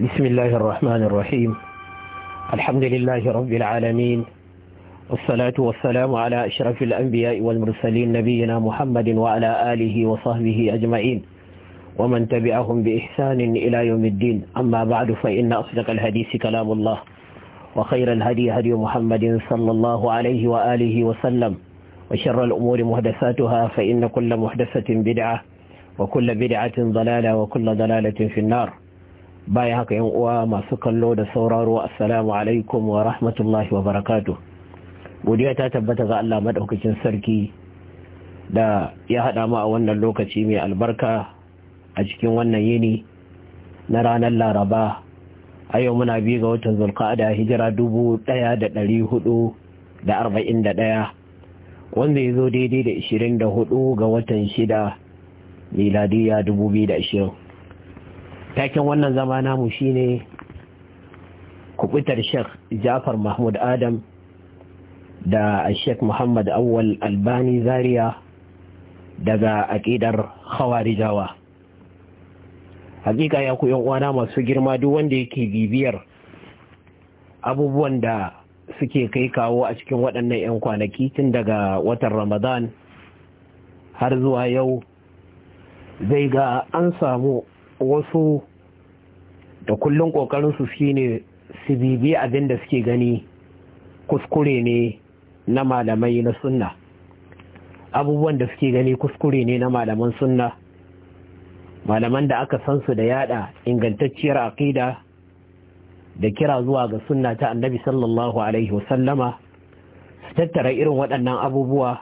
بسم الله الرحمن الرحيم الحمد لله رب العالمين والصلاة والسلام على أشرف الأنبياء والمرسلين نبينا محمد وعلى آله وصحبه أجمعين ومن تبعهم بإحسان إلى يوم الدين أما بعد فإن أصدق الحديث كلام الله وخير الهدي هدي محمد صلى الله عليه وآله وسلم وشر الأمور محدثاتها فإن كل محدثة بدعة وكل بدعة ضلالة وكل ضلالة في النار baya haka yan uwa masu kallo da sauraro assalamu alaikum wa rahmatullahi wa barakatu godiya ta tabbata ga Allah madaukakin sarki da ya haɗa mu a wannan lokaci mai albarka a cikin wannan yini na ranar laraba a yau muna biyu ga watan zulqa'ada hijira dubu ɗaya da dari hudu da arba'in da ɗaya wanda ya zo daidai da ishirin da hudu ga watan shida miladiya dubu biyu da ishirin. taken wannan zama namu shine kubutar sheikh jafar mahmud adam da sheikh muhammad awwal albani zaria daga aƙidar Rijawa. hakika ya ku uwana masu girma duk wanda yake bibiyar abubuwan da suke kai kawo a cikin waɗannan 'yan kwanaki tun daga watan ramadan har zuwa yau zai ga an samu wasu da kullum ƙoƙarinsu shi ne su bibi abin da suke gani kuskure ne na malamai na sunna abubuwan da suke gani kuskure ne na malaman sunna malaman da aka san su da yada ingantacciyar aƙida da kira zuwa ga sunna ta annabi sallallahu alaihi wasallama su tattara irin waɗannan abubuwa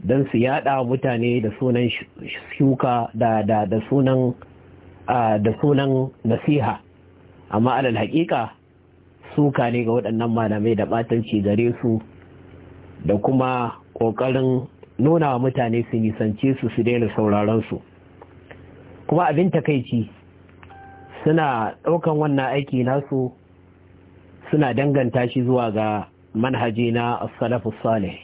don su yada mutane da sunan shuka da sunan da sunan nasiha amma alal haƙiƙa suka ne ga waɗannan malamai da ɓatanci gare su da kuma ƙoƙarin nuna wa mutane su nisance su su daina sauraron su kuma abin takaici suna ɗaukan wannan aiki nasu suna danganta shi zuwa ga manhaji na salafus salih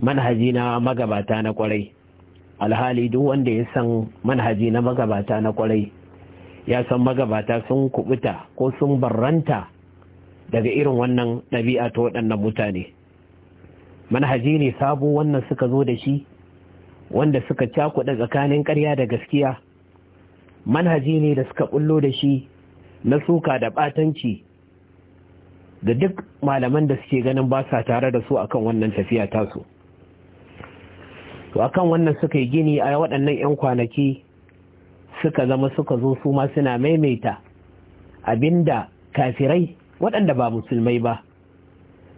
manhaji na magabata na ƙwarai. alhali duk wanda ya san manhaji na magabata na kwarai ya san magabata sun kubuta ko sun barranta daga irin wannan ɗabi'a ta waɗannan mutane manhaji ne sabo wannan suka zo da shi wanda suka cakuɗa tsakanin ƙarya da gaskiya manhaji ne da suka bullo da shi na suka da ɓatanci da duk malaman da suke ganin ba sa tare da su akan wannan tafiya tasu to akan wannan suka yi gini a waɗannan 'yan kwanaki suka zama suka zo su ma suna maimaita abinda kafirai waɗanda ba musulmai ba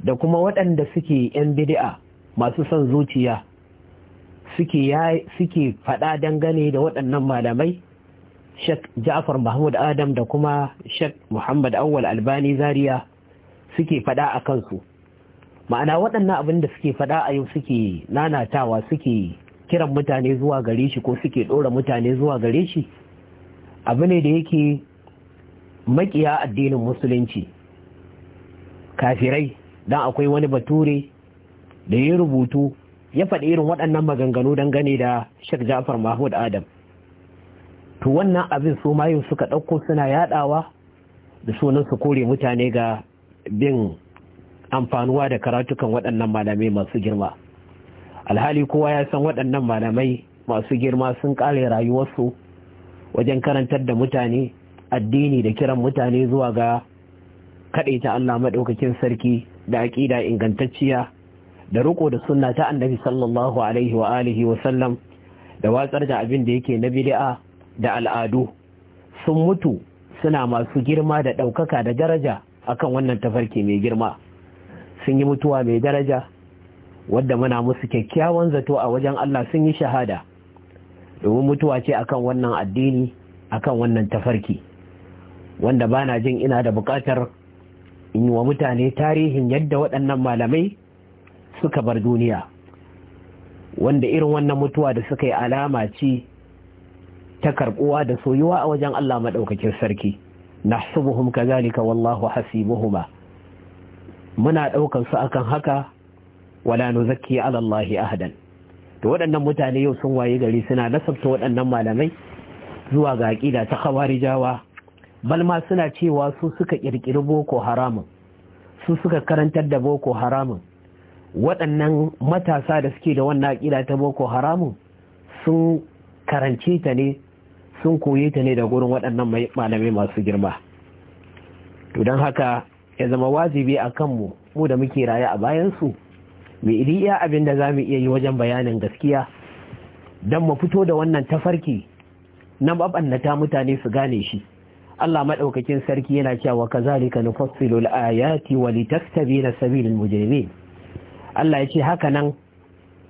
da kuma waɗanda suke 'yan bidi'a masu son zuciya suke faɗa dangane da waɗannan malamai Sheikh Ja'far Mahmud Adam da kuma Sheikh Muhammad Awwal Albani Zaria suke faɗa a kansu. ma'ana waɗannan abin da suke faɗa a yau suke nanatawa suke kiran mutane zuwa gare shi ko suke ɗora mutane zuwa gare shi abu ne da yake makiya addinin musulunci kafirai don akwai wani bature da ya rubutu ya faɗi irin waɗannan maganganu dangane da shek Ja'far Mahmud Adam to wannan abin su ma yau suka ɗauko suna yaɗawa da sunan su kore mutane ga bin amfanuwa da karatukan waɗannan malamai masu girma alhali kowa ya san waɗannan malamai masu girma sun ƙare rayuwarsu wajen karantar da mutane addini da kiran mutane zuwa ga ta Allah maɗaukakin sarki da aƙida ingantacciya da riko da sunna ta annabi sallallahu alaihi wa alihi wa sallam da watsar da abin da yake na bid'a da al'adu sun mutu suna masu girma da ɗaukaka da daraja akan wannan tafarki mai girma sun yi mutuwa mai daraja wadda muna musu kyakkyawan zato a wajen Allah sun yi shahada domin mutuwa ce akan wannan addini akan wannan tafarki wanda ba na jin ina da bukatar in wa mutane tarihin yadda waɗannan malamai suka bar duniya wanda irin wannan mutuwa da suka yi alama ce ta karbuwa da soyuwa a wajen Allah maɗaukakin sarki nahsubuhum kazalika wallahu hasibuhuma muna ɗaukar su akan haka wala zakki ala Allah ahadan to waɗannan mutane yau sun waye gari suna nasabta waɗannan malamai zuwa ga aqida ta khawarijawa balma suna cewa su suka ƙirƙiri boko haramun su suka karantar da boko haramun waɗannan matasa da suke da wannan aqida ta boko haramun sun karance ta ne sun koye ta ne da gurin waɗannan malamai masu girma to don haka ya zama wajibi a kanmu mu da muke raye a bayansu mai iri iya abin da za mu iya yi wajen bayanin gaskiya don mu fito da wannan tafarki na mabannata mutane su gane shi Allah maɗaukakin sarki yana cewa ka kazalika na al-ayati wa na sabilin mujrimin Allah ya ce haka nan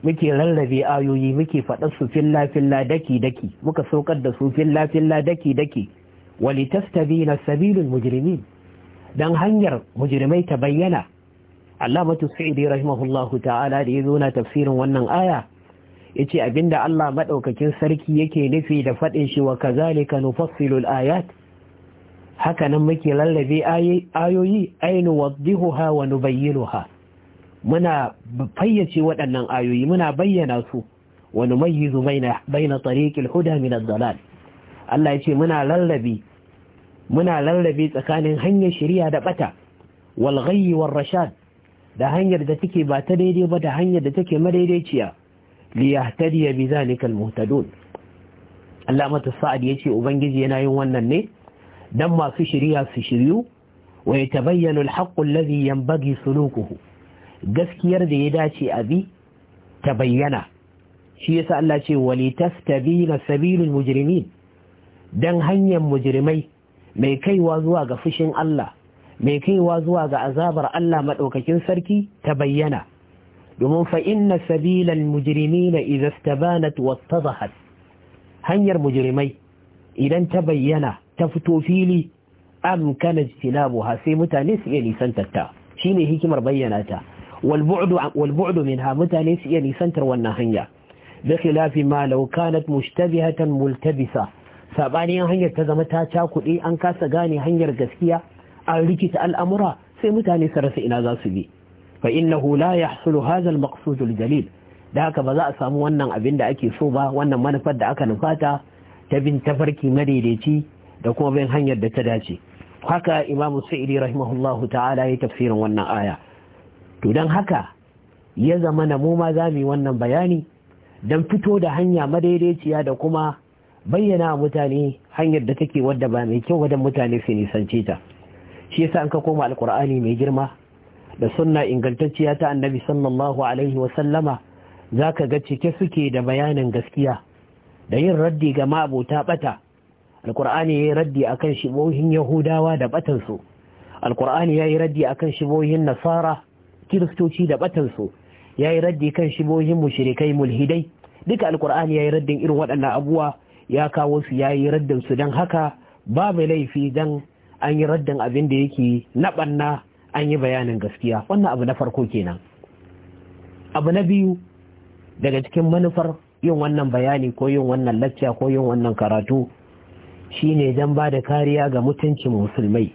muke rarrabe ayoyi muke faɗa su filla filla daki daki muka saukar da su filla filla daki daki wa na sabilin mujrimin dan hanyar mujrimai ta bayyana Allamatu Sa'idi rahimahullahu ta'ala da ya na tafsirin wannan aya yace abinda Allah madaukakin sarki yake nufi da fadin shi wa kazalika nufassilu ayat haka nan muke lallabe ayoyi ainu waddihuha wa nubayyinuha muna fayyace waɗannan ayoyi muna bayyana su wa numayyizu baina baina tariqil huda min ad-dalal Allah ce muna lallabe muna lallabe tsakanin hanyar shari'a da bata wal rashad da hanyar da take ba ta daidai ba da hanyar da take madaidaiciya li yahtadiya bi zalika al muhtadun Allah mata sa'ad yace ubangiji yana yin wannan ne dan masu shari'a su shiryu wa yatabayyana al haqq alladhi yanbaghi sulukuhu gaskiyar da ya dace a bi ta bayyana shi yasa Allah ce walitastabina sabilul mujrimin dan hanyar mujrimai mai kaiwa zuwa ga fushin Allah mai kaiwa zuwa ga azabar Allah maɗaukakin sarki ta bayyana domin fainna sabilan sabilal mujrimina idza istabanat wattadahat hanyar mujirimai idan ta bayyana ta fito fili amkana ijtinabuha sai mutane su iya nisantar ta shine hikimar bayyana ta walbu'udu bu'du ha minha mutane su iya nisantar wannan hanya bi khilafi ma law kanat mushtabihatan multabisa saɓanin hanyar ta zama ta kuɗi an kasa gane hanyar gaskiya an rikita al'amura sai mutane su rasa ina za su bi fa innahu la yahsulu hadha al-maqsud al-jalil da haka ba za a samu wannan abin da ake so ba wannan manufar da aka nufata ta bin tafarki madaidaici da kuma bin hanyar da ta dace haka imamu sa'idi rahimahullahu ta'ala ya tafsirin wannan aya to don haka ya zama na mu ma za mu yi wannan bayani don fito da hanya madaidaiciya da kuma bayyana mutane hanyar da take wadda ba mai kyau wajen mutane su nisance ta shi yasa an ka koma alkur'ani mai girma da sunna ingantacciya ta annabi sallallahu alaihi wa sallama zaka ga cike suke da bayanin gaskiya da yin raddi ga ma'abota bata alkur'ani yayi raddi akan shibohin yahudawa da batan su alkur'ani yayi raddi akan shibohin nasara kiristoci da batan su yayi raddi kan shibohin mushrikai mulhidai duka alkur'ani yayi raddin irin waɗannan abubuwa ya kawo su ya yi raddin su don haka babu laifi don an yi raddin abin da yake na ɓanna an yi bayanin gaskiya wannan abu na farko kenan abu na biyu daga cikin manufar yin wannan bayani ko yin wannan lacca ko yin wannan karatu shine don ba da kariya ga mutuncin musulmai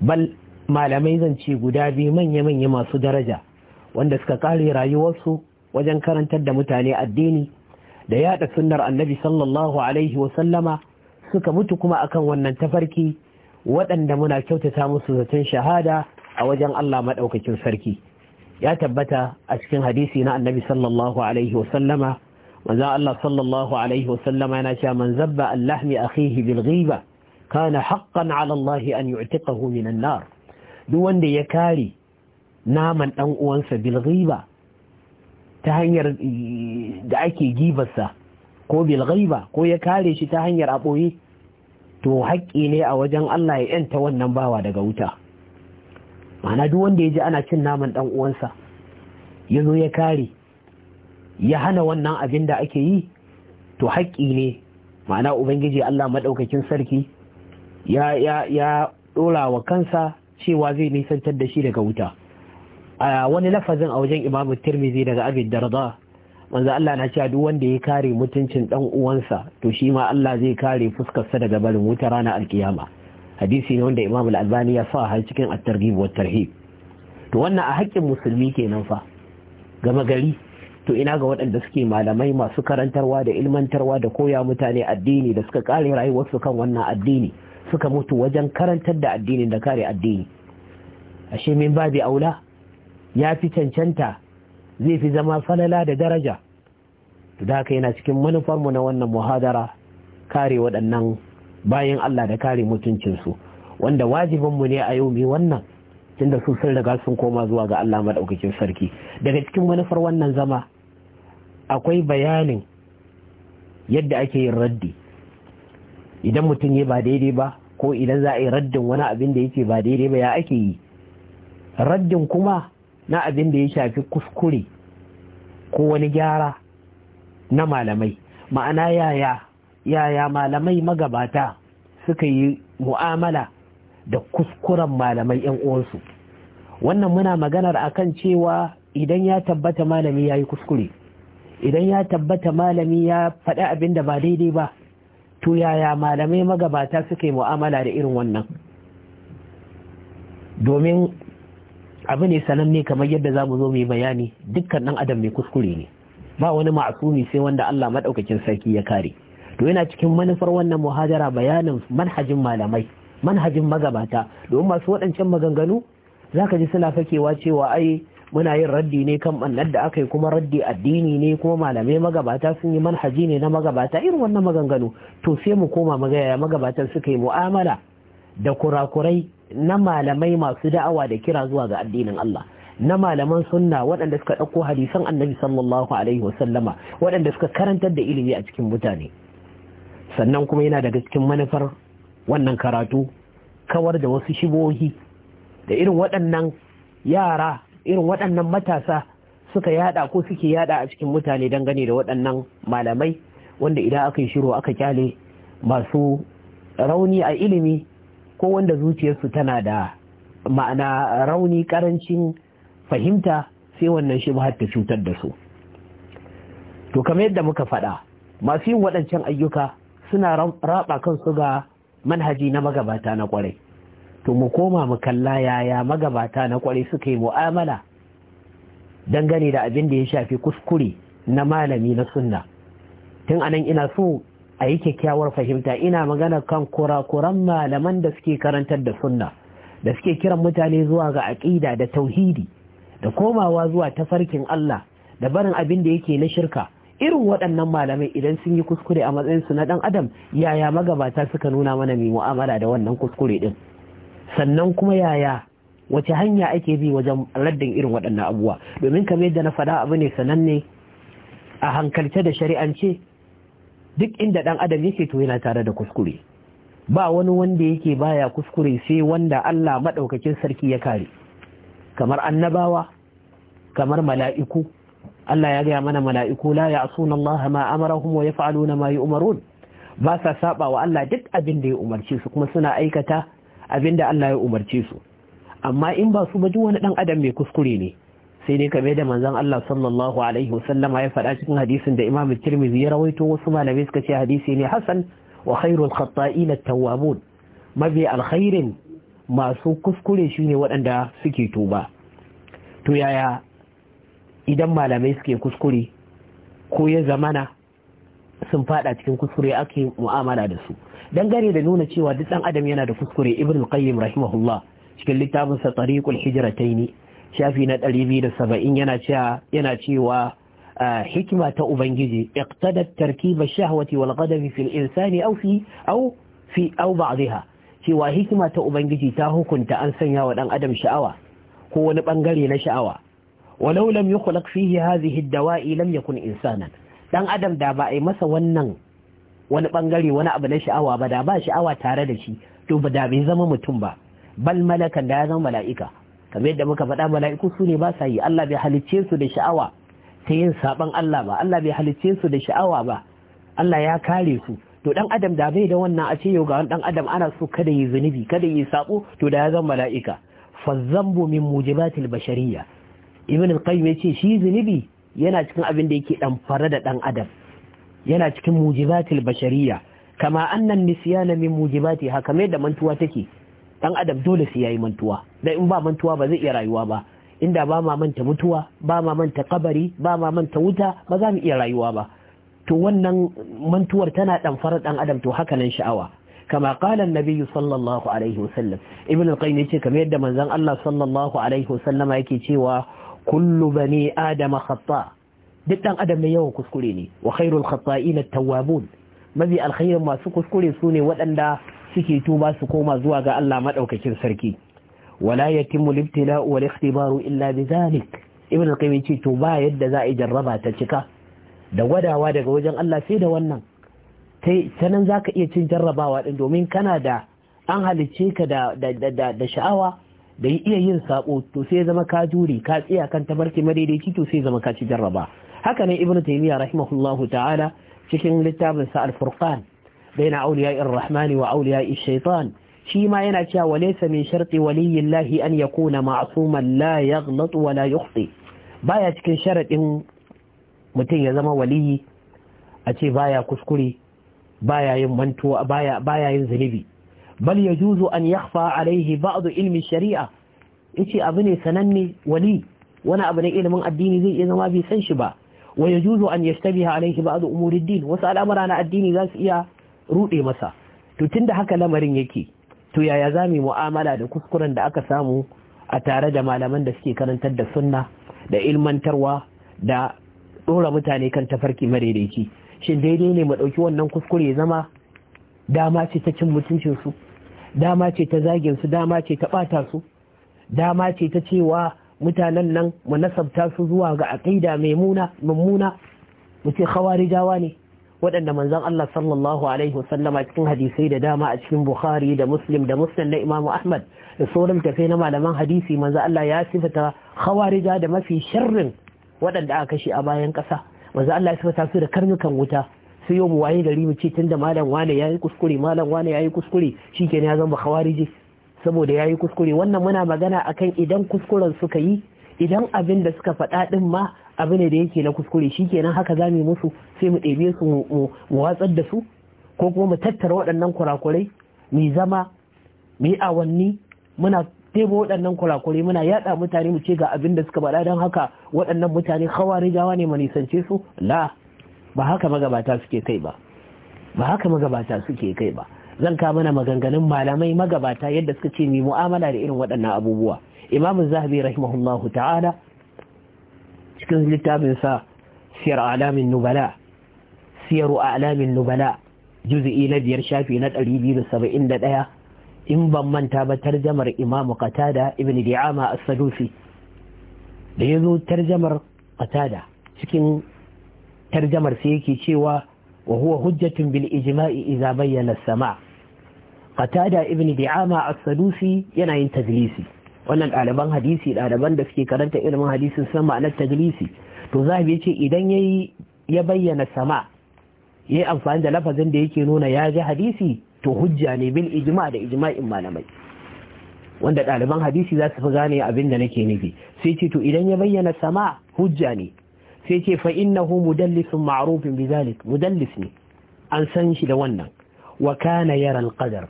bal malamai zan ce guda biyu manya-manya masu daraja wanda suka kare rayuwarsu wajen karantar da mutane addini da yada sunnar annabi sallallahu alaihi wasallama suka mutu kuma akan wannan tafarki waɗanda muna kyautata musu zaton shahada a wajen Allah maɗaukakin sarki ya tabbata a cikin hadisi na annabi sallallahu alaihi wasallama manzo Allah sallallahu alaihi wasallama yana cewa man zabba allahmi akhihi bil ghiba kana haqqan ala Allah an yu'tiqahu min an-nar duk wanda ya kare naman dan uwansa bil ghiba ta hanyar eh, da ake gibarsa ko bil ko ya kare shi ta hanyar aboye to haƙƙi ne a wajen Allah ya yanta wannan bawa daga wuta mana duk wanda ya ji ana cin naman dan uwansa ya zo ya kare ya hana wannan abin da ake yi to haƙƙi ne ma'ana ubangiji Allah maɗaukakin sarki ya ya ya wa kansa cewa zai nisantar da shi daga wuta a wani lafazin a wajen imamu tirmizi daga abin darda manzo Allah na cewa duk wanda ya kare mutuncin dan uwansa to shi ma Allah zai kare fuskarsa daga barin wuta ranar alkiyama hadisi ne wanda imamu al-albani ya sa har cikin at-targhib wa tarhib to wannan a haƙƙin musulmi kenan fa gama gari to ina ga waɗanda suke malamai masu karantarwa da ilmantarwa da koya mutane addini da suka kare rayuwarsu kan wannan addini suka mutu wajen karantar da addinin da kare addini ashe min babi aula ya fi cancanta zai fi zama falala da daraja da haka yana cikin manufarmu na wannan muhadara kare waɗannan bayan Allah da kare mutuncinsu wanda wajibinmu ne a yau mai wannan tunda su sun riga sun koma zuwa ga Allah maɗaukakin sarki daga cikin manufar wannan zama akwai bayanin yadda ake yin raddi idan mutum ya ba daidai ba ko idan za a yi raddin wani abin da yake ba daidai ba ya ake yi raddin kuma na abin da ya shafi kuskure ko wani gyara na malamai ma'ana yaya yaya malamai magabata suka yi mu'amala da kuskuren malamai 'yan uwansu wannan muna maganar akan cewa idan ya tabbata malami ya yi kuskure idan ya tabbata malami ya faɗi abin da ba daidai ba to yaya malamai magabata suka yi mu'amala da irin wannan domin abu ne sananne kamar yadda za mu zo mu yi bayani dukkan ɗan adam mai kuskure ne ba wani ma'asumi sai wanda Allah maɗaukacin sarki ya kare to yana cikin manufar wannan muhajara bayanin manhajin malamai manhajin magabata domin masu waɗancan maganganu zaka ji suna fakewa cewa ai muna yin raddi ne kan ɓannar da aka yi kuma raddi addini ne kuma malamai magabata sun yi manhaji ne na magabata irin wannan maganganu to sai mu koma magaya magabatan suka yi mu'amala da kurakurai na malamai masu da'awa da kira zuwa ga addinin Allah na malaman sunna waɗanda suka ɗauko hadisan annabi sallallahu alaihi wasallama waɗanda suka karantar da ilimi a cikin mutane sannan kuma yana daga cikin manufar wannan karatu kawar da wasu shibohi da irin waɗannan yara irin waɗannan matasa suka yada ko suke yada a cikin mutane dangane da waɗannan malamai wanda idan aka yi shiro aka kyale masu rauni a ilimi ko wanda zuciyarsu tana da ma'ana rauni karancin fahimta sai wannan shi ta cutar da su to kamar yadda muka faɗa masu yin waɗancan ayyuka suna raɓa kansu ga manhaji na magabata na ƙwarai. to mu koma mu kalla yaya magabata na ƙwarai suka yi mu'amala dangane da abin da ya shafi kuskure na malami na sunna tun anan ina so a yi kyakkyawar fahimta ina magana kan kurakuran malaman da suke karantar da sunna da suke kiran mutane zuwa ga aƙida da tauhidi da komawa zuwa tafarkin Allah da barin abin da yake na shirka irin waɗannan malamai idan sun yi kuskure a matsayin su na ɗan adam yaya magabata suka nuna mana mai mu'amala da wannan kuskure ɗin sannan kuma yaya wace hanya ake bi wajen raddin irin waɗannan abubuwa domin kamar yadda na faɗa abu ne sananne a hankalce da shari'ance duk inda ɗan adam yake to yana tare da kuskure ba wani wanda yake baya kuskure sai wanda Allah madaukakin sarki ya kare kamar annabawa kamar mala'iku Allah ya gaya mana mala'iku la ya asuna Allah ma amarahum wa yaf'aluna ma yu'marun ba sa saba wa Allah duk abin da ya umarce su kuma suna aikata abin da Allah ya umarce su amma in ba su ba duk wani dan adam mai kuskure ne sai dai kamar da manzon Allah sallallahu alaihi wasallama ya faɗa cikin hadisin da Imam Tirmidhi ya rawaito wasu malamai suka ce hadisi ne hasan wa khairul khata'in at-tawwabun mabi alkhairin masu kuskure shine waɗanda suke tuba to yaya idan malamai suke kuskure ko ya zamana sun fada cikin kuskure ake mu'amala da su dangane da nuna cewa duk dan adam yana da kuskure ibn qayyim rahimahullah cikin littafinsa sa tariqul hijratayn shafi na 270 yana cewa yana cewa ah, hikima ta ubangiji iqtadat tarkiba shahwati wal ghadabi fil insani aw fi aw fi aw ba'dha cewa hikima ta ubangiji ta hukunta an sanya wa dan adam sha'awa ko wani bangare na sha'awa walau lam yukhlaq fihi hadhihi ad-dawa'i lam yakun insanan dan adam da ba ai masa wannan wani bangare wani abu na sha'awa ba da ba sha'awa tare da shi to ba da bai zama mutum ba bal malakan da ya zama mala'ika kamar yadda muka faɗa mala'iku su ne ba sa yi Allah bai halicce su da sha'awa ta yin saban Allah ba Allah bai halicce su da sha'awa ba Allah ya kare su to dan adam da bai da wannan a ce yau ga dan adam ana so kada yi zunubi kada yi saɓo to da ya zama mala'ika fa zambu min mujibatil bashariya ibn al-qayyim ce shi zunubi yana cikin abin da yake dan fara da dan adam yana cikin mujibatil bashariy'a kama annan nisyana min mujibati haka mai da mantuwa take Ɗan adam dole sai yi mantuwa dan in ba mantuwa ba zai iya rayuwa ba inda ba ma manta mutuwa ba manta kabari ba manta wuta ba za mu iya rayuwa ba to wannan mantuwar tana damfarar ɗan adam to hakanan sha'awa kama qala annabi sallallahu alaihi wasallam ibnu qayyim kamar yadda manzon Allah sallallahu alaihi yake cewa kullu bani adam khata duk dan adam ne yawan kuskure ne wa khairul khata'ina at-tawwabun mabi alkhairin masu kuskure sune waɗanda suke tuba su koma zuwa ga Allah maɗaukakin sarki wala yatimmu libtila'u wal illa bidhalik ibn al ce to ba yadda za a jarraba ta cika da gwadawa daga wajen Allah sai da wannan ta nan za ka iya cin jarrabawa din domin kana da an halicce ka da da sha'awa da iya yin sabo to sai zama ka jure ka tsaya kan tabarki madaidaici to sai zama ka ci jarraba haka ne ibnu taymiya rahimahullahu ta'ala cikin littafin sa al-furqan baina awliya ar-rahmani wa awliya ash-shaytan shi ma yana cewa walaysa min sharti waliyillahi an yakuna ma'suman la yaghlatu wa la baya cikin sharadin mutum ya zama waliyi a ce baya kuskure baya yin bal yajuzu an yakhfa alayhi ba'd ilmi shari'a yace abu ne sananne wali wani abu ne ilimin addini zai iya zama bai san shi ba wa yajuzu an yashtabiha alayhi ba'd umuri din wasu al'amura na addini za su iya ruɗe masa to tunda haka lamarin yake to yaya za mu mu'amala da kuskuren da aka samu a tare da malaman da suke karantar da sunna da ilmantarwa da ɗora mutane kan tafarki madaidaici shin daidai ne mu ɗauki wannan kuskure zama dama ce ta cin mutuncinsu dama ce ta zagin su dama ce ta ɓata su dama ce ta cewa mutanen nan mu nasabta su zuwa ga aƙida mai mummuna mu ce khawarijawa ne waɗanda manzon Allah sallallahu alaihi wasallama cikin hadisai da dama a cikin Bukhari da Muslim da Muslim na Imam Ahmad da sauran tafe na malaman hadisi Manzan Allah ya sifata khawarija da mafi sharrin waɗanda aka kashe a bayan ƙasa Manzan Allah ya sifata su da karnukan wuta su yau mu waye gari mu ce tunda malam wane yi kuskure malam wane yayi kuskure shikenan ya zama khawariji saboda yayi kuskure wannan muna magana akan idan kuskuren suka yi idan abin da suka faɗa ɗin ma abu ne da yake na kuskure shikenan haka za mu musu sai mu ɗebe su mu watsar da su ko kuma mu tattara waɗannan kurakurai mu zama mu yi awanni muna tebo waɗannan kurakurai muna yaɗa mutane mu ce ga abin da suka baɗa? don haka waɗannan mutane gawa ne mu nisance su la ba haka magabata suke kai ba ba haka magabata suke kai ba zan ka mana maganganun malamai magabata yadda suka ce mai mu'amala da irin waɗannan abubuwa imamu zahabi rahimahullahu ta'ala cikin littafinsa sa siyar alamin nubala siyaru alamin nubala juz'i na biyar shafi na biyu da da saba'in ɗaya in ban manta ba tarjamar imamu qatada ibn di'ama as-sadusi da yazo tarjamar qatada cikin tarjamar sai yake cewa wa huwa hujjatun bil ijma'i idza bayyana as-sama' qatada ibn di'ama as-sadusi yana yin tadlisi wannan ɗaliban hadisi ɗaliban da suke karanta ilimin hadisin san ma'anar taglisi to zahabi ce idan yayi ya bayyana sama yi amfani da lafazin da yake nuna ya ji hadisi to hujja ne bil ijma da ijma'in malamai wanda ɗaliban hadisi za su fi gane abin da nake nufi sai ce to idan ya bayyana sama hujja ne sai ce fa innahu mudallisun ma'rufin bizalik mudallis ne an san shi da wannan wa kana yara qadar?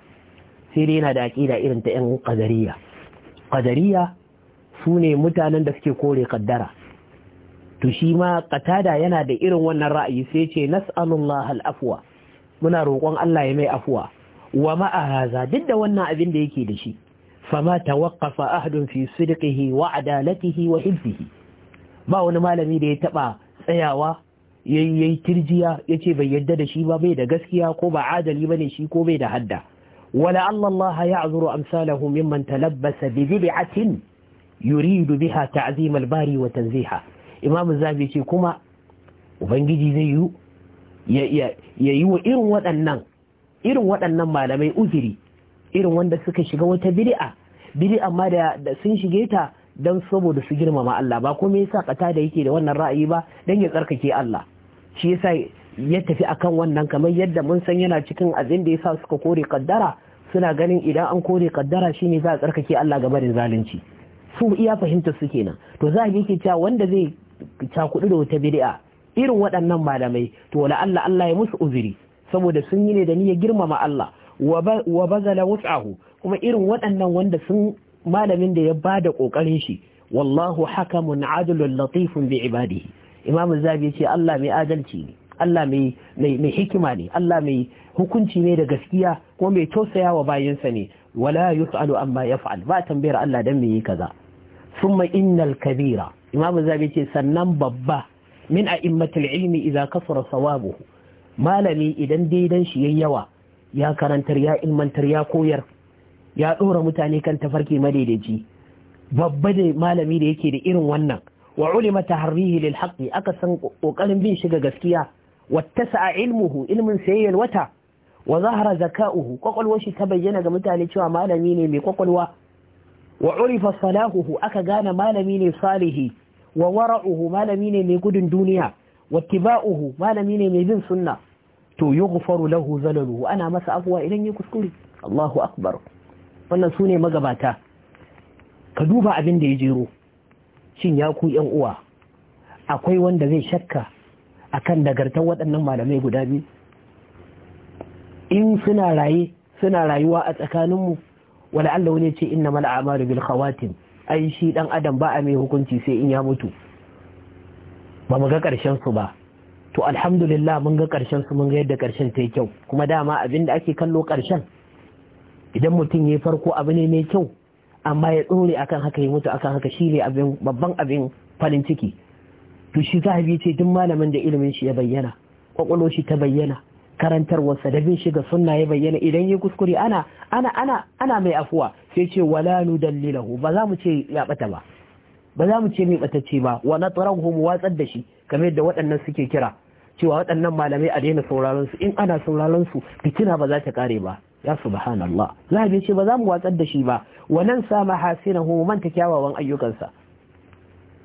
sai dai yana da aqida irin ta yan qadariya ƙadariya su ne mutanen da suke kore ƙaddara to shi ma ƙatada yana da irin wannan ra'ayi sai ce nas'alullah afuwa. muna roƙon Allah ya mai afuwa wa ma'aza duk da wannan abin da yake da shi fama tawaqqafa ahadun fi sidqihi wa adalatihi wa hibbihi ba wani malami da ya taɓa tsayawa yayi tirjiya yace bai yadda da shi ba bai da gaskiya ko ba adali ne shi ko bai da hadda ولعل الله يعذر أمثاله ممن تلبس ببدعة يريد بها تعظيم الباري وتنزيحه إمام الزهبي ce kuma ubangiji zai yi ya yi wa irin waɗannan irin waɗannan malamai uziri irin wanda suka shiga wata bid'a bid'a ma da sun shige ta don saboda su girmama Allah ba kuma yasa kata da yake da wannan ra'ayi ba don ya tsarkake Allah shi yasa ya tafi akan wannan kamar yadda mun san yana cikin abin da yasa suka kore kaddara suna ganin idan an kore kaddara shine za a tsarkake Allah gabarin zalunci su iya fahimtar su kenan to za a yake cewa wanda zai cakudu da wata bid'a irin waɗannan malamai to wala Allah Allah ya musu uzuri saboda sun yi ne da niyyar girmama Allah wa bazala wus'ahu kuma irin waɗannan wanda sun malamin da ya bada kokarin shi wallahu hakamun adilun latifun bi ibadihi imamu zabi ya ce Allah mai adalci ne Allah mai hikima ne Allah mai hukunci ne da gaskiya ko mai tausaya wa bayansa ne wala yus'alu amma yaf'al ba tambayar Allah dan me yi kaza summa innal kabira imam zabi ce sannan babba min a'immatul ilmi idza kasara sawabuhu malami idan daidan shi yayi yawa ya karantar ya ilmantar ya koyar ya dora mutane kan tafarki madaidaici babba da malami da yake da irin wannan wa ulima taharrihi lil haqqi aka san kokarin bin shiga ga gaskiya a ilmuhu ilmin sayyal wata wa zahara zaka'uhu kwakwalwar shi ta bayyana ga mutane cewa malami ne mai kwakwalwa wa urifa salahuhu aka gane malami ne salihi wa wara'uhu malami ne mai gudun duniya wa tiba'uhu malami ne mai bin sunna to yughfaru lahu zalaluhu ana masa afwa idan ya kuskure Allahu akbar wannan sune magabata ka duba abin da ya jero shin ya ku yan uwa akwai wanda zai shakka akan dagartar waɗannan malamai guda biyu in suna raye suna rayuwa a tsakaninmu Wani Allah wani ce inna mal a'malu bil khawatin ai shi dan adam ba a mai hukunci sai in ya mutu ba mu ga karshen su ba to alhamdulillah mun ga karshen su mun ga yadda karshen ta yi kyau kuma dama abin da ake kallo karshen idan mutum ya yi farko abu ne mai kyau amma ya tsore akan haka ya mutu akan haka shi ne abin babban abin farin ciki to shi zahabi ce duk malamin da ilimin shi ya bayyana kwakwalo shi ta bayyana karantarwarsa da bin shi ga sunna ya bayyana idan ya kuskure ana ana ana ana mai afuwa sai ce wala nudallilahu ba za mu ce ya bata ba ba za mu ce mai batacce ba wa natrahu mu watsar da shi kamar yadda waɗannan suke kira cewa waɗannan malamai a daina sauraron su in ana sauraron su fitina ba za ta kare ba ya subhanallah zahabi ce ba za mu watsar da shi ba wa nan sama hasinahu man ta kyawawan ayyukansa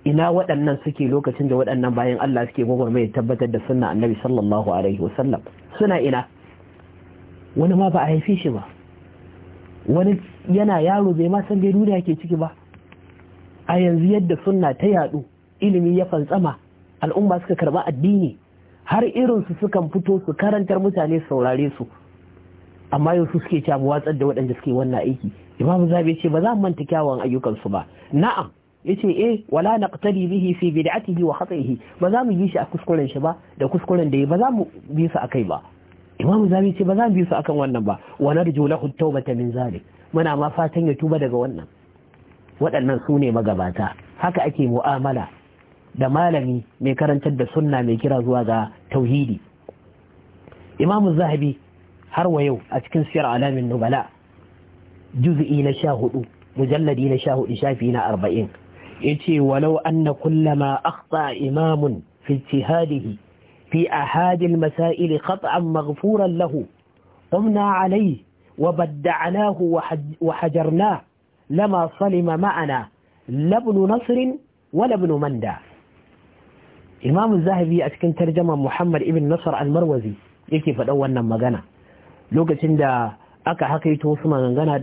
ina waɗannan suke lokacin da waɗannan bayan Allah suke mai tabbatar da sunna annabi sallallahu alaihi wasallam suna ina wani ma ba a haife shi ba wani yana yaro bai ma san dai duniya ke ciki ba a yanzu yadda sunna ta yadu ilimi ya fantsama al'umma suka karba addini har irin su sukan fito su karantar mutane saurare su amma yau suke cewa watsar da waɗanda suke wannan aiki imamu zabi ce ba za mu manta kyawawan su ba na'am yace eh wala naqtadi bihi fi bid'atihi wa khata'ihi ba za mu yi shi a kuskuren shi ba da kuskuren da ba za mu bi su akai ba imamu zabi ce ba za mu bi su akan wannan ba wa narju lahu tawbata min zalik muna ma fatan ya tuba daga wannan waɗannan su ne magabata haka ake mu'amala da malami mai karantar da sunna mai kira zuwa ga tauhidi imamu zahabi har wa yau a cikin siyar alamin nubala juz'i na sha hudu mujalladi na sha hudu shafi na arba'in yace walau anna kullama akhta imamun fi ijtihadihi fi ahadi al-masail qat'an maghfuran lahu qumna alayhi وبدعناه وحجرناه لما lama معنا ma'ana labnu nasrin wa labnu manda. imam zahabi a cikin tarjama muhammad ibn nasar almarwazi yake faɗa wannan magana lokacin da aka hakaito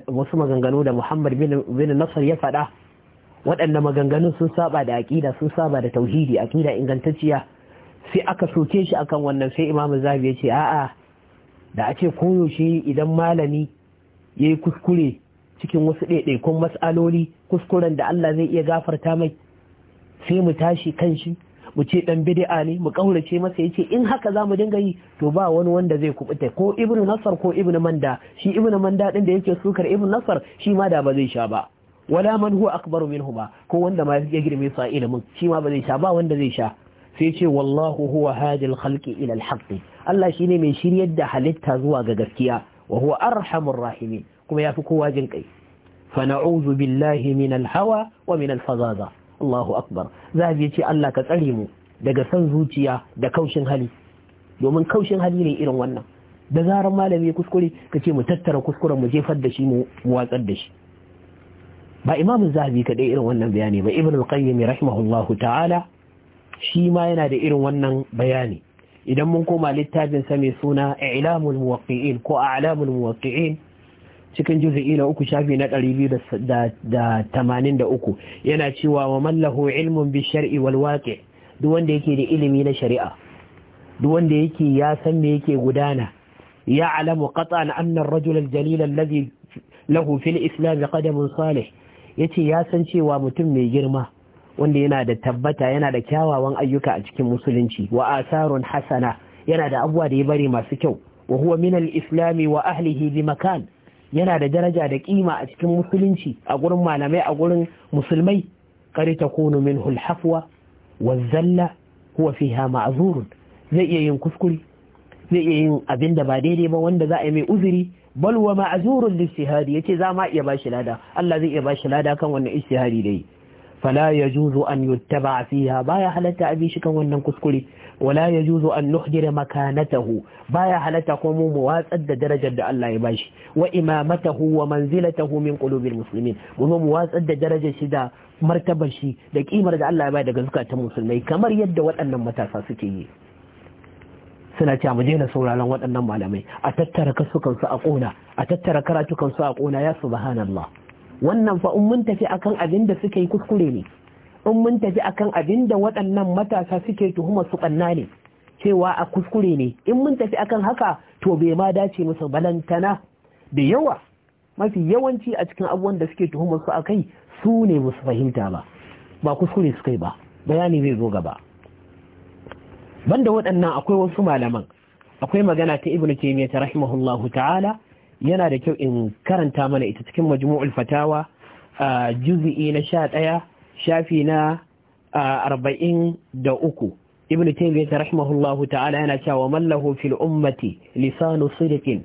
wasu maganganu da muhammad bin nasar ya faɗa waɗanda maganganun sun saba da aƙida sun saba da tauhidi aƙida ingantacciya sai aka soke shi akan wannan sai imamu zabi ya ce a'a da a ce koyaushe idan malami ya yi kuskure cikin wasu ɗaiɗaikun matsaloli kuskuren da Allah zai iya gafarta mai sai mu tashi kan shi mu ce ɗan bid'a ne mu ƙaurace masa ya ce in haka za mu dinga yi to ba wani wanda zai kubuta ko ibnu nasar ko ibnu manda shi ibnu manda ɗin da yake sukar ibnu nasar shi ma da ba zai sha ba wala man huwa akbaru minhuma ko wanda ma ya girme su a ilimin shi ma ba zai sha ba wanda zai sha sai ce wallahu huwa hadil khalqi ila alhaqi Allah shine mai shiryar da halitta zuwa ga gaskiya wa huwa arhamur rahimin kuma yafi kowa jin kai fa na'udhu billahi min alhawa wa min alfazaza Allahu akbar zabi ce Allah ka tsare mu daga san zuciya da kaushin hali domin kaushin hali ne irin wannan da zarar malami kuskure ka ce mu tattara kuskuren mu jefar da shi mu watsar da shi ba imamun zahabi kadai irin wannan bayani ba ibn al-qayyim rahimahullahu ta'ala shi ma yana da irin wannan bayani idan mun koma littafin sa mai suna i'lamul muwaqqi'in ko a'lamul muwaqqi'in cikin juz'i na uku shafi na 283 yana cewa wa man lahu ilmun bi shar'i wal waqi' duk wanda yake da ilimi na shari'a duk wanda yake ya san me yake gudana ya alamu qat'an anna ar-rajul al-jalil alladhi lahu fil islam qadamun salih ya ce ya san cewa mutum mai girma wanda yana da tabbata yana da kyawawan ayyuka a cikin musulunci wa asarun hasana yana da abubuwa da ya bari masu kyau wa huwa min al-islami wa ahlihi bi makan yana da daraja da kima a cikin musulunci a gurin malamai a gurin musulmai kare ta kunu min hulhafwa wa zalla huwa fiha ma'zurun zai iya yin kuskure zai iya yin abin da ba daidai ba wanda za a yi mai uzuri bal wa ma'zurun listihadi yace za ma iya bashi lada Allah zai iya bashi lada kan wannan istihadi dai fala yajuzu an yuttaba fiha baya halatta abi shi kan wannan kuskure wala yajuzu an nuhdira makanatahu baya halatta ko mu watsar da darajar da Allah ya bashi wa imamatahu wa manzilatahu min qulubil muslimin mu mu watsar da darajar shi da martabar shi da kimar da Allah ya bayar daga zukatan musulmai kamar yadda waɗannan matasa suke yi suna cewa mu na sauraron waɗannan malamai a tattara kasukansu a ƙona a tattara karatukansu a ƙona ya subhanallah wannan fa in mun tafi akan abin da suke yi kuskure ne in mun tafi akan abin da waɗannan matasa suke tuhuma su ƙanna ne cewa a kuskure ne in mun tafi akan haka to bai ma dace musu balantana da yawa mafi yawanci a cikin abubuwan da suke tuhuma su akai su ne ba su fahimta ba ba kuskure suka yi ba bayani zai zo gaba banda waɗannan akwai wasu malaman akwai magana ta ibnu taymiyyah rahimahullahu ta'ala yana da kyau in karanta mana ita cikin majmu'ul fatawa a juz'i na sha ɗaya shafi na arba'in da uku ibn taymiyyah rahimahullahu ta'ala yana cewa mallahu fil ummati lisanu sidqin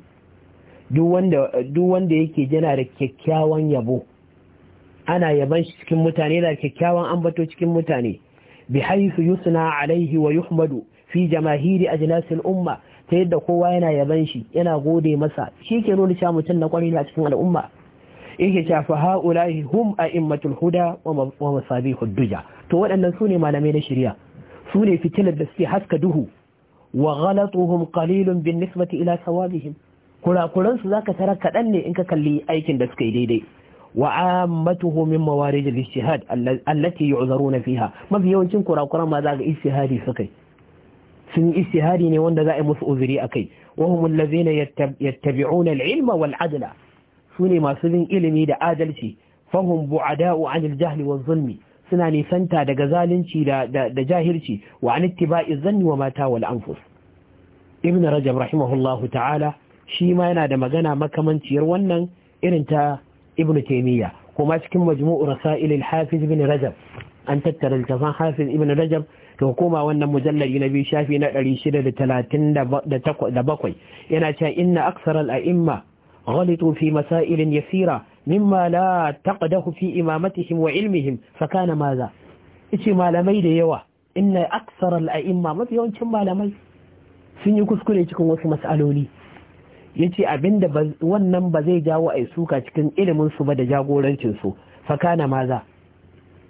duk wanda duk wanda yake yana da kyakkyawan yabo ana yaban shi cikin mutane da kyakkyawan ambato cikin mutane bihaisu yusna alaihi wa yuhmadu fi jamahiri ajnasil umma ta yadda kowa yana yaban shi yana gode masa shi ke nuna cewa mutum na kwarai ne a cikin al'umma yake cewa fa haula'i hum a'immatul huda wa masabihud duja to waɗannan su ne malamai na shari'a su ne fitilar da suke haska duhu wa ghalatuhum qalilun bin nisbati ila sawabihim kurakuran su zaka tara kaɗan ne in ka kalli aikin da suka yi daidai وعامته من موارد الاجتهاد التي يعذرون فيها ما في يوانشن كورا كورا ما ذاك اجتهادي سكي سن اجتهادي نيوان ذا امس اذري اكي وهم الذين يتبعون العلم والعدل سوني ما سبين إلمي دا آدلشي فهم بعداء عن الجهل والظلم suna nisanta daga zalunci da jahilci wa an ittiba'i zanni wa mata wal anfus ibn rajab rahimahullahu ta'ala shi ma yana da magana makamanciyar wannan irin ta ibnu taymiya kuma cikin majmu'u rasail al-hafiz ibn rajab an tattara littafin hafiz ibn rajab to hukuma wannan mujallari na biyu shafi na 637 yana cewa inna aksar al-a'imma غلطوا في مسائل يسيرة مما لا imamatihim wa إمامتهم وعلمهم فكان ماذا إيش malamai da yawa inna aksarar aimma mafi yawancin malamai sun yi kuskure cikin wasu mas'aloli ya ce abinda wannan ba zai jawo a suka cikin ilimin su ba da jagorancin su fakana maza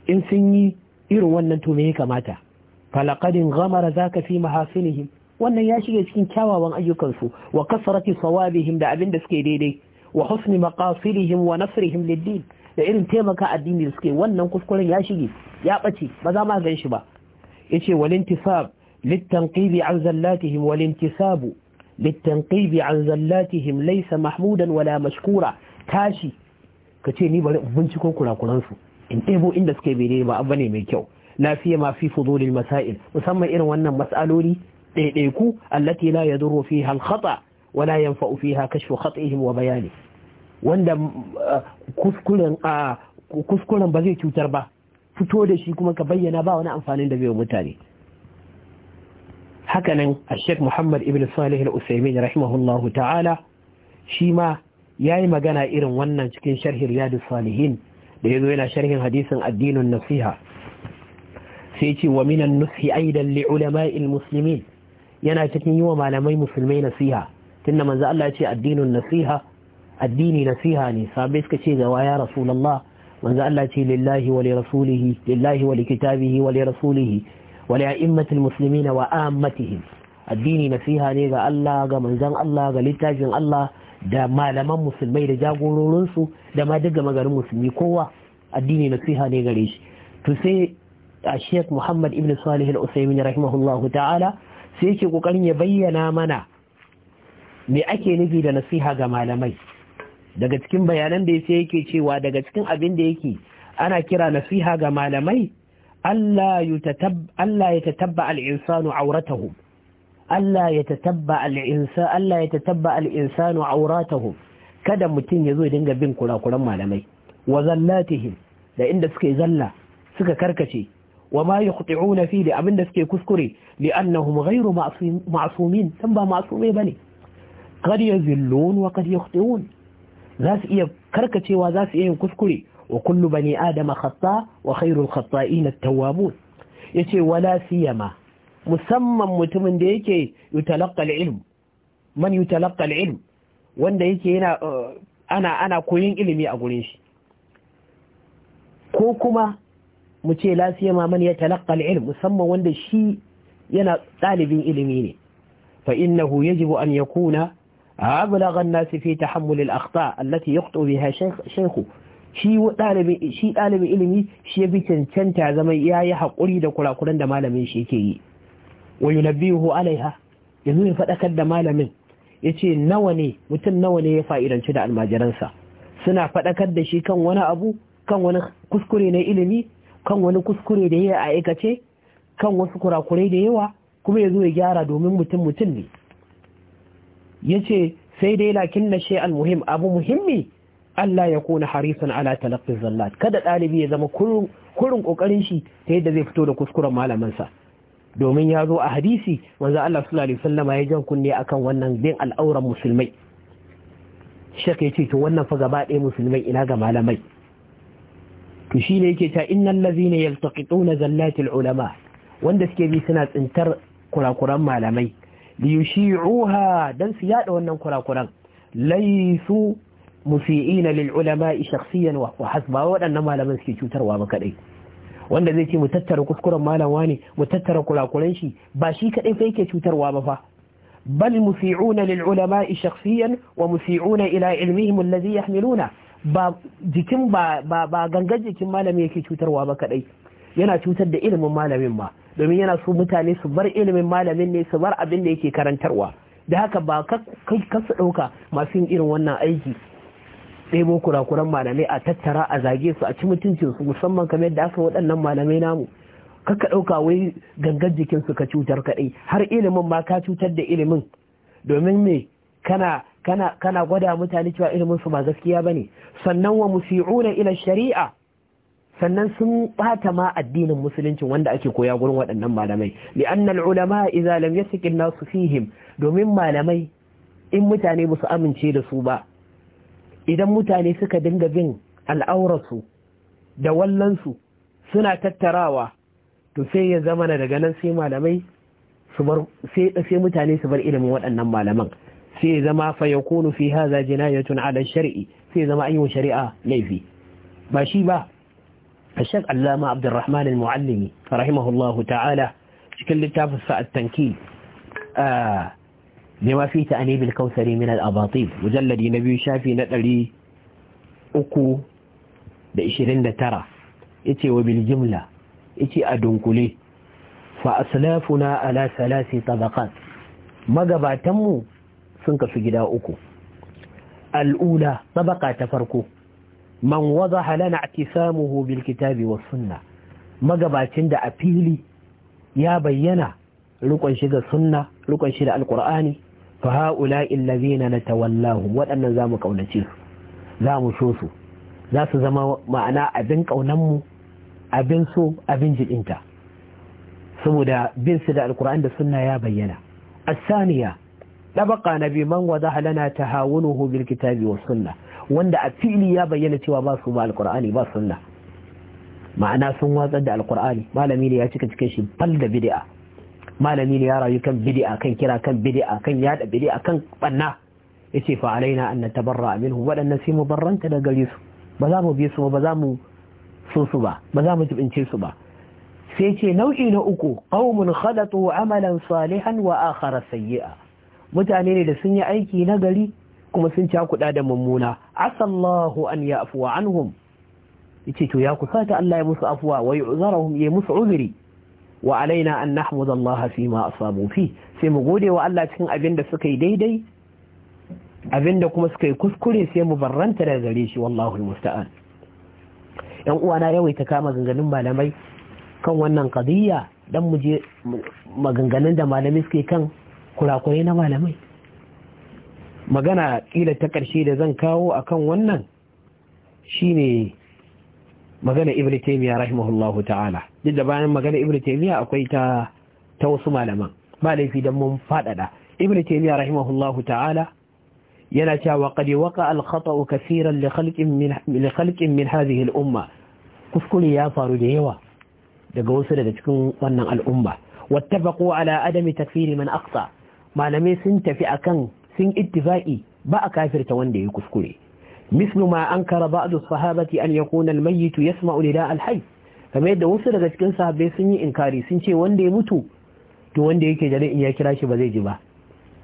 in sun yi irin wannan to me ya kamata gamara za ka fi mahasinihim wannan ya shiga cikin kyawawan ayyukansu wa kasrati sawabihim da abinda suke daidai wa husni maqasidihim wa nasrihim lid-din da irin taimaka addini da suke wannan kuskuren ya shige ya bace ba za ma gan shi ba yace wal intisab lit-tanqibi an للتنقيب عن زلاتهم ليس mahmudan wala mashkura tashi kace ni bari in binciko kurakuran su in ɗebo inda suke bere ba abu ne mai kyau lafiya fiye ma fi fudulil masail musamman irin wannan mas'aloli ɗaiɗaiku allati la yadurru fiha al-khata wa la yanfa'u fiha kashfu khat'ihim wa bayani wanda kuskuren a ba zai cutar ba fito da shi kuma ka bayyana ba wani amfanin da zai mutane hakanan ashek muhammad ibn salih al-usaimin rahimahullahu ta'ala shi ma yayi magana irin wannan cikin sharhin riyadu salihin da ya zo yana sharhin hadisin addinin nasiha sai yace wa minan nushi aidan li ulama'il muslimin yana cikin yi wa malamai musulmai nasiha tunda manzo Allah ce addinin nasiha addini nasiha ne sabai suka ce gawa ya rasulullah manzo Allah ce lillahi wa li rasulihi lillahi wa li kitabihi wa li rasulihi wa li'immatil muslimina wa ammatihim addini nasiha ne ga Allah ga manzon Allah ga littafin Allah da malaman musulmai da jagororinsu da ma duk magarin musulmi kowa addini nasiha ne gare shi to sai a Sheikh Muhammad Ibn Salih Al-Utsaimin rahimahullah ta'ala sai yake kokarin ya bayyana mana me ake nufi da nasiha ga malamai daga cikin bayanan da yake cewa daga cikin abin da yake ana kira nasiha ga malamai ألا يتتب ألا يتتبع الإنسان عورتهم ألا يتتبع الإنسان ألا يتتبع الإنسان عوراتهم كذا متين يزوي دينغ بين كلا كلا ما لمي وزلاتهم لأن دسك زلا سك كركشي وما يخطئون فيه لأمن دسك كسكري لأنهم غير معصومين سنبا معصومين بني قد يزلون وقد يخطئون ذاس إيه كركشي وذاس إيه كسكري wa kullu bani adama khata wa khairul khata'ina at-tawwabun yace wala siyama musamman mutumin da yake yutalaqqa al-ilm man yutalaqqa ilm wanda yake yana eh, ana ana ilimi a gurin shi ko kuma mu ce la man yatalaqqa ilm musamman wanda shi yana ɗalibin ilimi ne fa innahu yajibu an yakuna أبلغ الناس في تحمل الأخطاء التي يخطئ بها شيخ شيخه shi ɗalibin ilimi shi ya fi cancanta zama ya yi haƙuri da kurakuran da malamin shi ke yi wa yunabbihu alaiha ya ya faɗakar da malamin ya ce nawa ne mutum nawa ne ya fa'idanci da almajiransa suna faɗakar da shi kan wani abu kan wani kuskure na ilimi kan wani kuskure da ya aikace kan wasu kurakurai da yawa kuma ya zo ya gyara domin mutum mutum ne ya ce sai dai lakin na shi almuhim abu muhimmi Allah ya kona harisan ala talaqqi zallat kada dalibi ya zama kurin kurin kokarin shi ta yadda zai fito da kuskuren malaman sa domin ya zo a hadisi manzo Allah sallallahu alaihi wasallama ya jan kunne akan wannan bin al'auran musulmai shek yace to wannan fa gaba ɗaya musulmai ina ga malamai to shine yake ta innal ladzina yaltaqituna zallatil ulama wanda suke bi suna tsintar kurakuran malamai li yushi'uha dan su yada wannan kurakuran laisu musi'ina lil ulama shakhsiyan wa hasba waɗannan malaman suke cutarwa ba kadai wanda zai ce mu tattara kuskuren malam wani mu tattara kulakulan shi ba shi kadai fa yake cutarwa ba fa bal musi'una lil ulama shakhsiyan wa musi'una ila ilmihim alladhi yahmiluna ba jikin ba ba gangan jikin malami yake cutarwa ba kadai yana cutar da ilimin malamin ma domin yana so mutane su bar ilimin malamin ne su bar abin da yake karantarwa da haka ba su ɗauka masu yin irin wannan aiki ɗebo kurakuran malamai a tattara a zage su a ci mutuncin su musamman kamar yadda aka waɗannan malamai namu kakka ɗauka wai gangan su ka cutar kaɗai har ilimin ma ka cutar da ilimin domin me kana kana kana gwada mutane cewa ilimin su ba gaskiya bane sannan wa musi'una ila shari'a sannan sun bata ma addinin musulunci wanda ake koya gurin waɗannan malamai li'anna al-ulama idza lam yasqi an-nas fihim domin malamai in mutane ba su amince da su ba idan mutane suka dinga bin al'aurarsu da wallansu suna tattarawa to sai ya zama daga nan sai malamai sai mutane su bar ilimin waɗannan malaman sai ya zama fa fi haza jinayatun ala shari'i sai ya zama an yi wa shari'a laifi ba shi ba a shan allama الرحمن المعلمي رحمه الله تعالى في كل التافة tankil bima fita ta'anib al-kautsari min al-abatil mujalladi na biyu shafi na ɗari uku da ishirin da tara ice wa bil jimla yace a dunkule fa aslafuna ala salasi tabaqat magabatanmu sun kasu gida uku al'ula tabaka ta farko man wadaha lana samu bil kitabi was sunna magabacin da a fili ya bayyana rukun shi da sunna rukun shi da alqur'ani fa haula na tawallahu. waɗannan za mu ƙaunace su za mu so su za su zama ma'ana abin ƙaunanmu abin so abin jiɗinta saboda bin su da alkur'an da sunna ya bayyana asaniya ɗabaƙa na bi man wada lana ta hawunuhu bil kitabi wa sunna wanda a fili ya bayyana cewa ba su ba alkur'ani ba sunna ma'ana sun watsar da alkur'ani malami ne ya cika cikin shi bal da bid'a malami ne ya rayu kan bid'a kan kira kan bidi'a kan yada bid'a kan banna yace fa alaina an natabarra minhu wadannan sai mu barranta gare su ba za mu bi su ba za mu so su ba ba za mu jibince su ba sai ce nau'i na uku qaumun khalatu amalan salihan wa akhara sayyi'a mutane ne da sun yi aiki na gari kuma sun cakuɗa da mummuna asallahu an ya afuwa anhum yace to ya kusata Allah ya musu afuwa wa yu'zarahum ya musu uzuri wa alaina an na Allah fi ma asabu fi sai mu gode wa Allah cikin abinda da suka yi daidai abin da kuma suka yi kuskure sai mu barranta daga gare shi wallahu musta'an yan uwana yawaita kama ganganin malamai kan wannan qadiyya dan muje je maganganun da malamai suke kan kurakurai na malamai magana kila ta karshe da zan kawo akan wannan shine magana ibn taymiya rahimahullahu ta'ala duk da bayan magana ibn taymiya akwai ta ta wasu malaman ba laifi dan mun fadada ibn taymiya rahimahullahu ta'ala yana cewa qad waqa al khata'u kaseeran li khalqin min li khalqin min hadhihi al umma kuskure ya faru da yawa daga wasu daga cikin wannan al'umma wattafaqu ala adami takfiri man aqsa malamai sun tafi akan sun ittifaqi ba a kafirta wanda ya kuskure مثل ما أنكر بعض الصحابة أن يكون الميت يسمع نداء الحي kamar yadda wasu daga cikin sahabai sun yi inkari sun ce wanda ya mutu to wanda yake da ya kira shi ba zai ji ba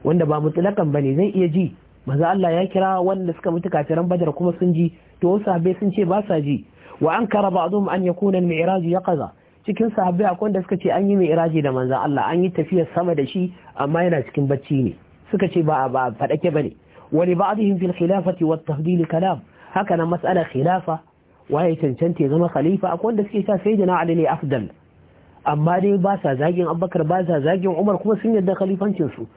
wanda ba ba ne zai iya ji maza Allah ya kira wanda suka mutu kafiran badar kuma sun ji to wasu sahabbai sun ce ba sa ji wa ankara ba'dhum an yakuna al-mi'raj yaqaza cikin sahabbai akwai wanda suka ce an yi mi'raji da manzon Allah an yi tafiyar sama da shi amma yana cikin bacci ne suka ce ba ba faɗake ba ne. wani ولبعضهم في الخلافة والتفضيل كلام هكذا مسألة خلافة waye cancanta ya zama khalifa akwai wanda suke sa sai jana ali ne afdal amma dai ba zagin abubakar ba zagin umar kuma sun yarda khalifancin su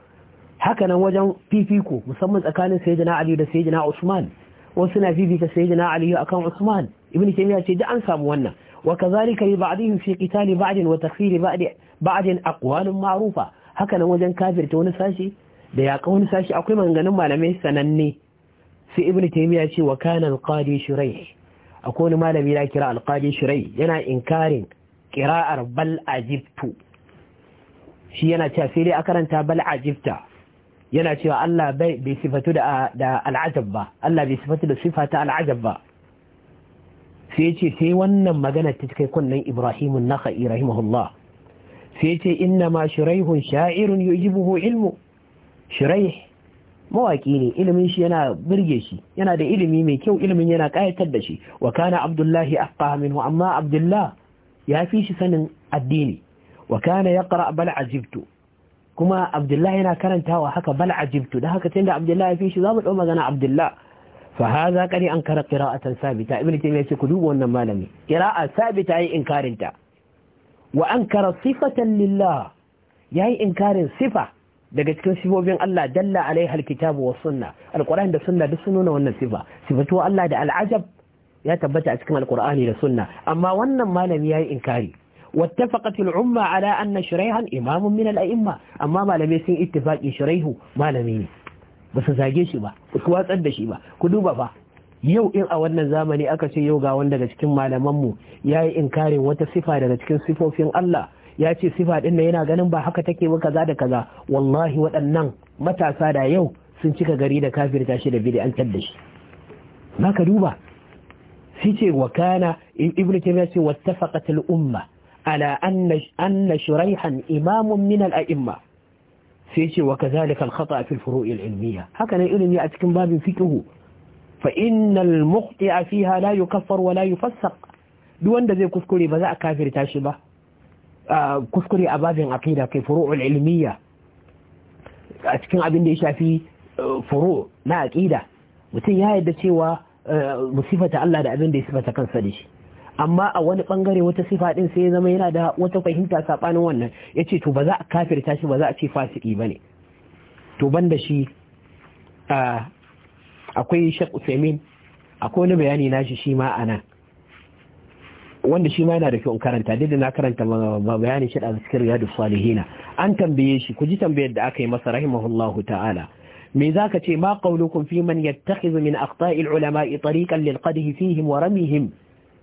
haka nan wajen fifiko musamman tsakanin sayyidina ali da sayyidina usman wasu suna fifita sayyidina ali akan usman ibnu taymiya ce da an samu wannan wa kazalika li ba'dihim fi qitali ba'd wa takfir ba'd ba'd aqwal ma'rufa haka nan wajen kafirta wani sashi da ya wani sashi akwai maganganun malamai sananne sai ibn taymiya ce wa kana alqadi shurai akwai wani malami da kira alqadi shurai yana inkarin qira'ar bal ajibtu shi yana cewa sai dai a karanta bal ajibta yana cewa Allah bai sifatu da al'ajab ba Allah bai sifatu da sifata al'ajab ba sai ce sai wannan magana ta kai kunnen Ibrahimun Nakhai rahimahullah sai ce inna ma shuraihun sha'irun yujibuhu ilmu shirai mawaƙi ne ilimin shi yana birge shi yana da ilimi mai kyau ilimin yana kayatar da shi wa kana abdullahi afqaha minhu amma abdullah ya fi shi sanin addini wa kana yaqra bal ajibtu kuma abdullah yana karantawa haka bal ajibtu da haka tunda abdullah ya fi shi zamu dau magana abdullah fa hadha qari ankara qira'atan sabita ibnu taymiya ce ku duba wannan malami qira'a sabita yi inkarinta wa ankara sifatan lillah yayi inkarin sifa daga cikin sifofin Allah dalla alai alkitabu wa sunna alqur'ani da sunna duk sun nuna wannan sifa sifatu Allah da al'ajab ya tabbata a cikin alqur'ani da sunna amma wannan malami yayi inkari واتفقت العمة على أن شريحا إمام من الأئمة أما ما لم يسن اتفاق شريحه zage shi Ba su watsar da shi ba. Ku duba fa yau in a wannan zamani aka ce yau ga wani daga cikin malamanmu ya yi inkarin wata sifa daga cikin sifofin Allah ya ce sifa ɗin yana ganin ba haka take ba kaza da kaza wallahi waɗannan matasa da yau sun cika gari da kafirta shi da bid'antar da shi ba ka duba sai ce wa kana ibnu taymiya ce wattafaqat al umma ala anna anna shuraihan imamun min al a'imma sai ce wa kadhalika al khata fi al furu' al ilmiya haka ne ilimi a cikin babin fiqh fa inna al muqti'a fiha la yukaffar wa la yufassaq duk wanda zai kuskure ba za a kafirta shi ba kuskure a babin aqida kai furu'ul ilmiya a cikin abin da ya shafi furu na aqida mutum ya yarda cewa musifata Allah da abin da ya sifata kansa da shi amma a wani bangare wata sifa din sai ya zama yana da wata fahimta sabanin wannan yace to ba za a kafirta shi ba za a ce fasiki bane to banda shi akwai Sheikh Uthaymeen akwai wani bayani nashi shi ma anan wanda shi ma yana da kyau karanta duk da na karanta bayanin shi da ya da riyadu salihina an tambaye shi ku ji tambayar da aka yi masa rahimahullahu ta'ala me zaka ce ma qaulukum fi man yattakhidhu min aqta'i ulama'i tariqan lil qadhi fihim wa ramihim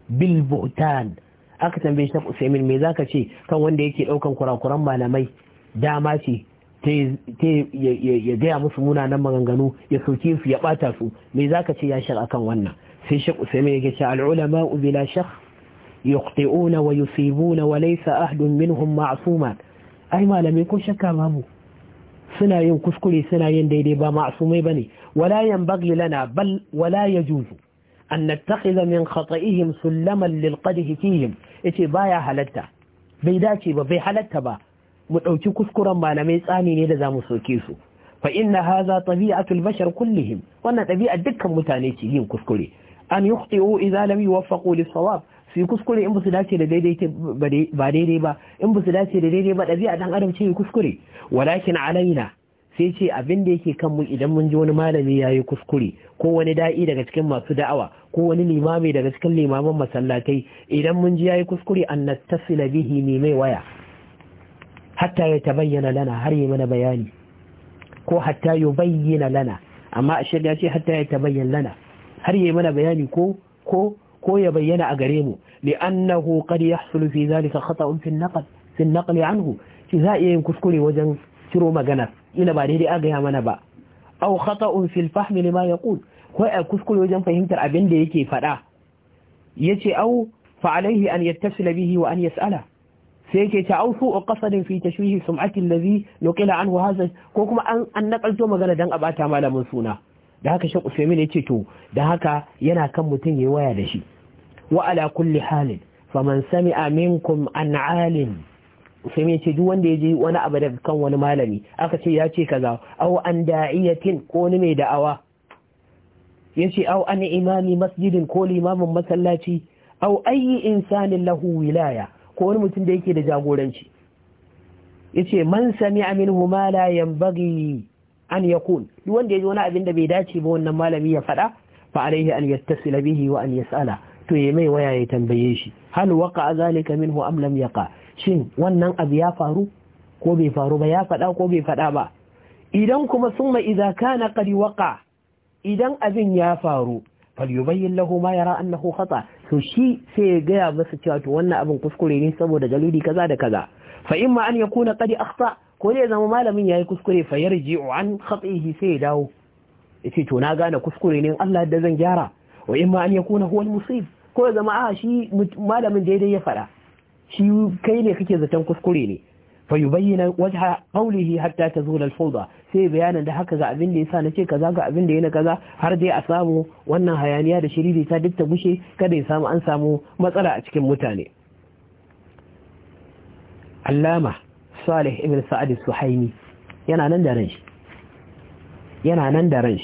bil buhtan aka tambaye shi Usaimin me zaka ce kan wanda yake daukan kurakuran malamai dama ce ya gaya musu munanan maganganu ya soke su ya bata su me zaka ce ya shar akan wannan sai shek Usaimin yake ce al ulama bila shakh يخطئون ويصيبون وليس أحد منهم معصوما أي ما لم يكن شكا بابو سنا كل سنا يندي لبا معصومي بني ولا ينبغي لنا بل ولا يجوز أن نتخذ من خطئهم سلما للقده فيهم إتي بايا حلتا بيداتي ببي حلتا با مدعوتي كسكرا ما لم يساني نيدا زامو فإن هذا طبيعة البشر كلهم وأن طبيعة دكا متانيتي ينكسكري أن يخطئوا إذا لم يوفقوا للصواب su yi kuskure in ba su dace da daidai ba daidai ba in ba su dace da daidai ba ɗabi'a dan adam ce yi kuskure walakin alaina sai ce abin da yake kan mu idan mun ji wani malami ya yi kuskure ko wani da'i daga cikin masu da'awa ko wani limami daga cikin limaman masallatai idan mun ji ya yi kuskure an na bihi ne mai waya hatta ya ta bayyana lana har yi mana bayani ko hatta ya bayyana lana amma a shirya ce hatta ya bayyana lana har yi mana bayani ko ko ko ya bayyana a gare mu li'annahu qad yahsulu fi zalika khata'un fi an-naql fi an-naql anhu shi za iya yin kuskure wajen ciro magana ina ba daidai a ya mana ba aw khata'un fi al-fahm lima yaqul ko a kuskure wajen fahimtar abin da yake faɗa yace aw fa alayhi an yattasila bihi wa an yas'ala sai yake ta ausu a kasarin fi tashwihi sum'atin lazi nuqila anhu hadha ko kuma an an magana dan a bata malamin suna da haka Sheikh Usaimin ce to da haka yana kan mutum yayi waya da shi وعلى كل حال faman sami aminkum an alim sai mai ce duk wanda ya ji wani abu daga kan wani malami aka ce ya ce kaza au an da'iyatin ko ni mai da'awa ya ce au an imami masjidin ko limamin masallaci au ayi insanin lahu wilaya ko wani mutum da yake da jagoranci ya ce man sami aminu ma la yanbaghi an kun? duk wanda ya ji wani abin da bai dace ba wannan malami ya faɗa fa alaihi an yattasila bihi wa an yas'ala to ya mai waya ya tambaye shi hal waka zalika minhu am lam yaqa shin wannan abu ya faru ko bai faru ba ya faɗa ko bai faɗa ba idan kuma summa idza kana qad waqa idan abin ya faru falyubayyin lahu ma yara annahu khata to shi sai ya gaya masa cewa to wannan abin kuskure ne saboda dalili kaza da kaza fa imma an yakuna qad akhta ko ne zama malamin yayi kuskure fa yarji'u an khatihi sai ya dawo yace to na gane kuskure ne Allah da zan gyara wa imma an yakuna huwa al-musib ko zama a ah, shi malamin daidai ya fara shi kai ne kake zaton kuskure ne fa yubayyana wajha qawlihi hatta tazula al-fawda sai bayanin da haka ga abin da yasa nace kaza ga abin da yana kaza har dai a samu wannan hayaniya da shiriri ta duk ta gushe kada ya samu an samu matsala a cikin mutane Allama Salih ibn Sa'ad suhaimi yana nan da yana nan da ran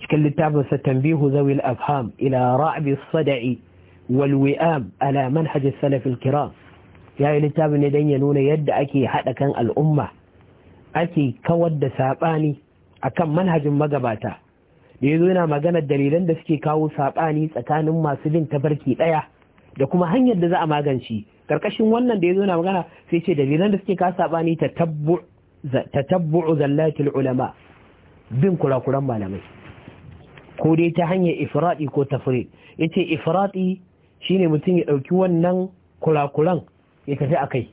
cikin littafin sa tambihu zawil afham ila ra'bi sada'i walwi'ab ala manhaj salaf al-kiram yayi littafin ne dan ya nuna yadda ake hada kan al'umma ake kawar da saɓani akan manhajin magabata da yazo yana magana dalilan da suke kawo sabani tsakanin masu bin tabarki ɗaya da kuma hanyar da za a magance karkashin wannan da yazo yana magana sai ce dalilan da suke kawo sabani tatabbu tatabbu zallatil ulama bin kurakuran malamai ko dai ta hanyar ifraɗi ko tafrid yace ifraɗi. shine mutum ya ɗauki wannan kurakuran ya tafi a kai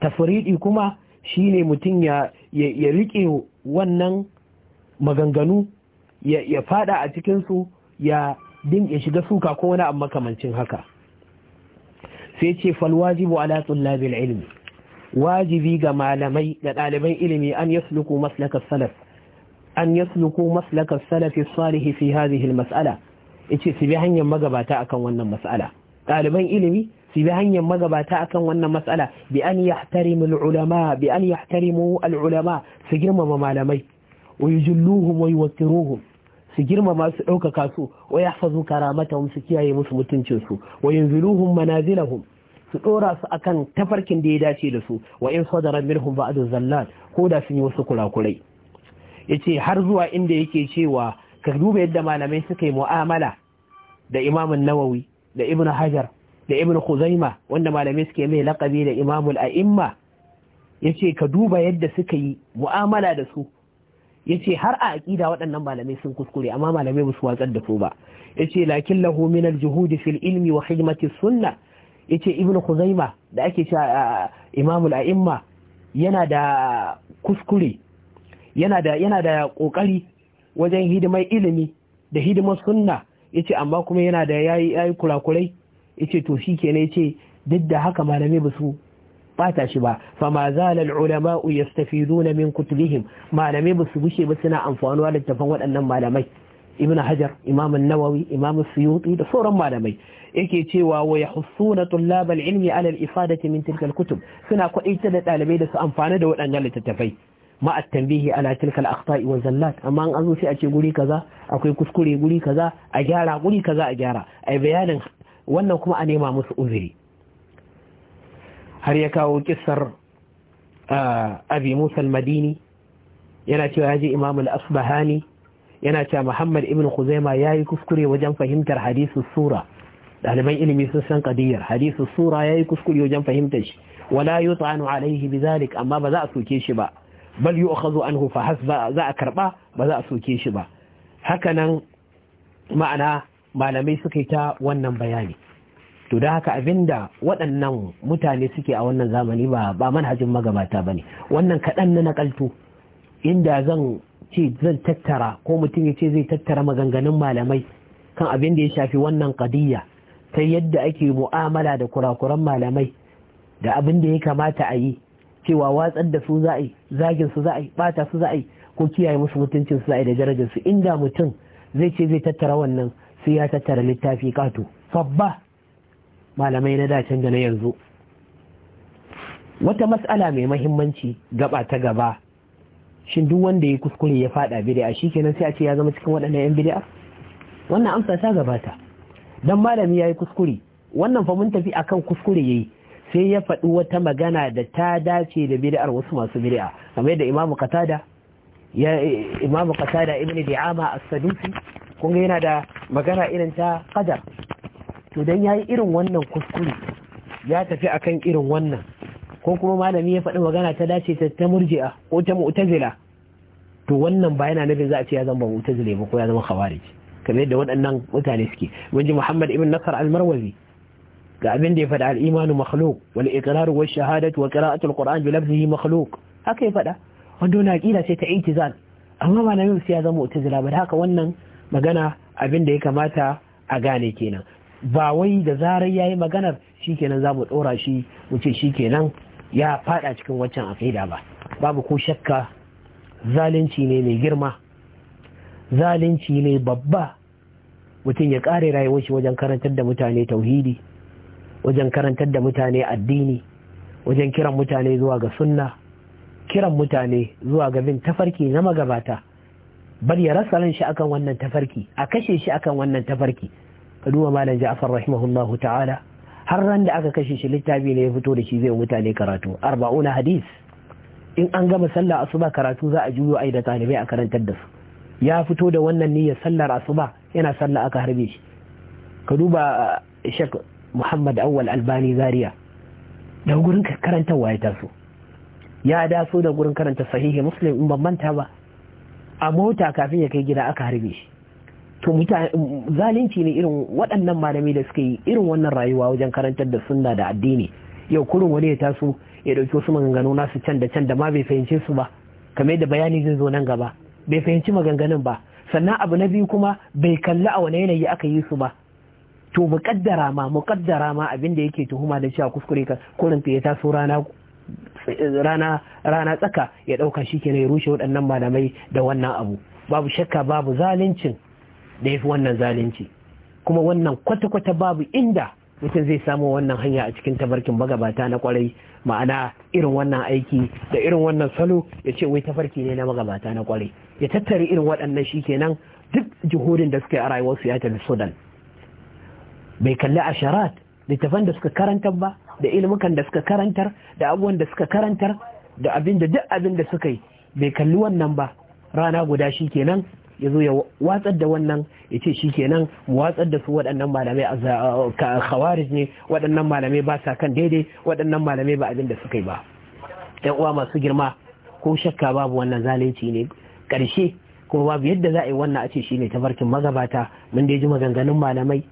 tafriɗi kuma shine mutum ya riƙe wannan maganganu ya fada a cikinsu ya dinke shiga suka ko wani kamancin haka sai ce falwajibu ala tsullabil ilimi, wajibi ga malamai da ɗaliban ilimi an yasluku maslakar salaf an yasluku maslakar salafi salihi fi yace su bi hanyar magabata akan wannan mas'ala ɗaliban ilimi su bi hanyar magabata akan wannan matsala bi an yahtarimu al-ulama bi an yahtarimu mu ulama su girmama malamai wa yujilluhum wa yuwaqqiruhum su girmama su ɗaukaka su wa yahfazu karamata su kiyaye musu mutuncin su wa yanziluhum manazilahum su ɗora su akan tafarkin da ya dace da su wa in sadara minhum ba'du zallan ko da sun yi wasu kurakurai ce har zuwa inda yake cewa ka duba yadda malamai suka yi mu'amala da imamin nawawi da ibn hajar da ibn khuzaima wanda malamai suke mai laƙabi da imamul a'imma yace ka duba yadda suka yi mu'amala da su yace har a aƙida waɗannan malamai sun kuskure amma malamai ba su watsar da su ba Yace lakin lahu min al-juhud fil ilmi wa sunna yace ibn khuzaima da ake cewa imamul a'imma yana da kuskure yana da yana da kokari wajen hidimar ilimi da hidimar sunna yace amma kuma yana da yayi yayi kurakurai yace to shikenan yace duk da haka malamai ba su bata shi ba fa ma zala al ulama yastafiduna min kutubihim malamai ba su bushe ba suna amfanuwa da tafan waɗannan malamai ibn hajar imam an-nawawi imam suyuti da sauran malamai yake cewa wa yahussuna tullab al ilmi ala al ifadati min tilka al kutub suna kwaita da ɗalibai da su amfana da waɗannan littattafai ma tambihi tanbihi ala tilkal akhta'i wa zallat amma an zo sai a ce guri kaza akwai kuskure guri kaza a gyara guri kaza a gyara ai bayanin wannan kuma a nema musu uzuri har ya kawo kissar abi musa al-madini yana cewa ya je imam al-asbahani yana cewa muhammad ibn khuzaima yayi kuskure wajen fahimtar hadisin sura ɗaliban ilimi sun san kadiyar hadisin sura yayi kuskure wajen fahimtar shi wala yut'anu alaihi bizalik amma ba za a soke shi ba bal zuwa anhu fa hasba za a karɓa ba za a soke shi ba Haka nan ma'ana malamai suka yi ta wannan bayani to da haka abinda waɗannan mutane suke a wannan zamani ba ba manhajin magabata ba ne wannan kaɗan na nakaltu inda zan ce zan tattara ko mutum ya ce zai tattara maganganun malamai kan abin da ya shafi wannan kadiyya ta yadda ake mu'amala da kurakuran malamai da abin da ya kamata a yi cewa watsar da su za'ai zagin su za'ai bata su za'ai ko kiyaye musu mutuncin su za'ai da darajar su inda mutum zai ce zai tattara wannan sai ya tattara littafi kato sabba malamai na dacen da na yanzu wata mas'ala mai mahimmanci gaba ta gaba shin duk wanda ya kuskure ya fada bid'a shikenan sai a ce ya zama cikin waɗannan yan bid'a wannan amsa ta gabata dan malami yayi kuskure wannan fa mun tafi akan kuskure yayi sai ya faɗi wata magana da ta dace da bid'ar wasu masu bid'a kamar da imamu qatada ya imamu qatada ibn di'ama as-sadusi kun yana da magana irin ta qadar to dan yayi irin wannan kuskure ya tafi akan irin wannan ko kuma malami ya faɗi magana ta dace ta ta murji'a ko ta mu'tazila to wannan ba yana nufin za a ce ya zama mu'tazila ba ko ya zama khawarij kamar yadda waɗannan mutane suke mun Muhammad ibn Nasr al-Marwazi ga abin da ya faɗa al makhluk wani wal iqrar wal shahadatu wa qira'atu al bi lafzihi makhluk haka ya faɗa wanda na aqida sai ta i'tizal amma malamin sai ya zama mu'tazila ba haka wannan magana abin da ya kamata a gane kenan ba wai da zarar yi maganar shikenan mu dora shi mu ce shikenan ya faɗa cikin waccan aqida ba babu ko shakka zalunci ne mai girma zalunci ne babba mutum ya ƙare rayuwar shi wajen karantar da mutane tauhidi wajen karantar da mutane addini wajen kiran mutane zuwa ga sunna kiran mutane zuwa ga bin tafarki na magabata bar ya rasa ran shi akan wannan tafarki a kashe shi akan wannan tafarki ka duba malam Ja'far rahimahullahu ta'ala har ran da aka kashe shi littafi ne ya fito da shi zai mutane karatu arba'una hadis in an gama sallar asuba karatu za a juyo ai da talibai a karantar da su ya fito da wannan niyyar sallar asuba yana sallah aka harbe shi ka duba eh, shek muhammad awwal albani zaria da gurin karantarwa ya taso ya daso da gurin karanta sahihi muslim in ban manta ba a mota kafin ya kai gida aka harbe shi to zalunci ne irin waɗannan malami da suka yi irin wannan rayuwa wajen karantar da sunna da addini yau kurin wani ya taso ya ɗauki wasu maganganu nasu can da can da ma bai fahimce su ba kamar da bayani zai zo nan gaba bai fahimci maganganun ba sannan abu na biyu kuma bai kalli a wani yanayi aka yi su ba to muƙaddara ma muƙaddara ma abin yake tuhuma da a kuskure ka kurin ya taso rana rana rana tsaka ya ɗauka shi kenan ya rushe waɗannan malamai da wannan abu babu shakka babu zaluncin da ya fi wannan zalunci kuma wannan kwata-kwata babu inda mutum zai samu wannan hanya a cikin tabarkin magabata na kwarai ma'ana irin wannan aiki da irin wannan salo ya ce wai tafarki ne na magabata na kwarai ya tattare irin waɗannan shi kenan duk jihudin da suke a rayuwarsu ya tafi sudan bai kalli asharat littafan da suka karantar ba da ilmukan da suka karantar da abubuwan da suka karantar da abin da duk abin da suka yi bai kalli wannan ba rana guda shi kenan ya zo ya watsar da wannan ya ce shi kenan watsar da su waɗannan malamai a khawarij ne waɗannan malamai ba sa kan daidai waɗannan malamai ba abin da suka yi ba yan uwa masu girma ko shakka babu wannan zalunci ne ƙarshe kuma babu yadda za a yi wannan a ce shi ne tabarkin magabata mun dai ji maganganun malamai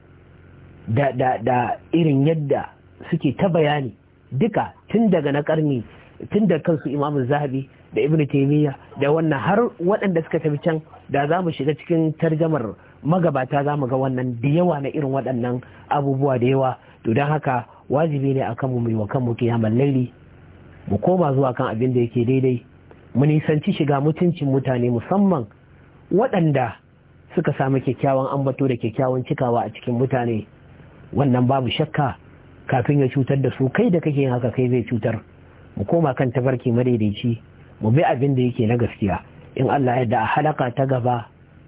da da da irin yadda suke ta bayani duka tun daga na karni tun da kansu imamu zahabi da ibn taimiyya da wannan har waɗanda suka tafi can da za mu shiga cikin tarjamar magabata za mu ga wannan da yawa na irin waɗannan abubuwa da yawa to don haka wajibi ne a mu mai wa kanmu kiyamar laili mu koma zuwa kan abin da yake daidai mu nisanci shiga mutuncin mutane musamman waɗanda suka samu kyakkyawan ambato da kyakkyawan cikawa a cikin mutane wannan babu shakka kafin ya cutar da su kai da kake yin haka kai zai cutar mu koma kan tafarki madaidaici mu bi abin da yake na gaskiya in Allah ya da halaka ta gaba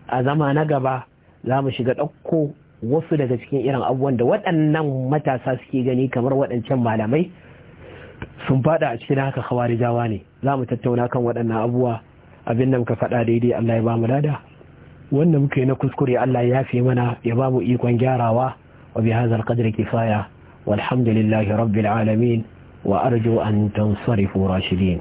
a zama na gaba za mu shiga ɗauko wasu daga cikin irin abubuwan da waɗannan matasa suke gani kamar waɗancan malamai sun fada a cikin haka jawa ne za mu tattauna kan waɗannan abubuwa abin da muka faɗa daidai Allah ya ba mu lada wannan muka yi na kuskure Allah ya yafe mana ya ba mu ikon gyarawa وبهذا القدر كفاية والحمد لله رب العالمين وأرجو أن تنصرفوا راشدين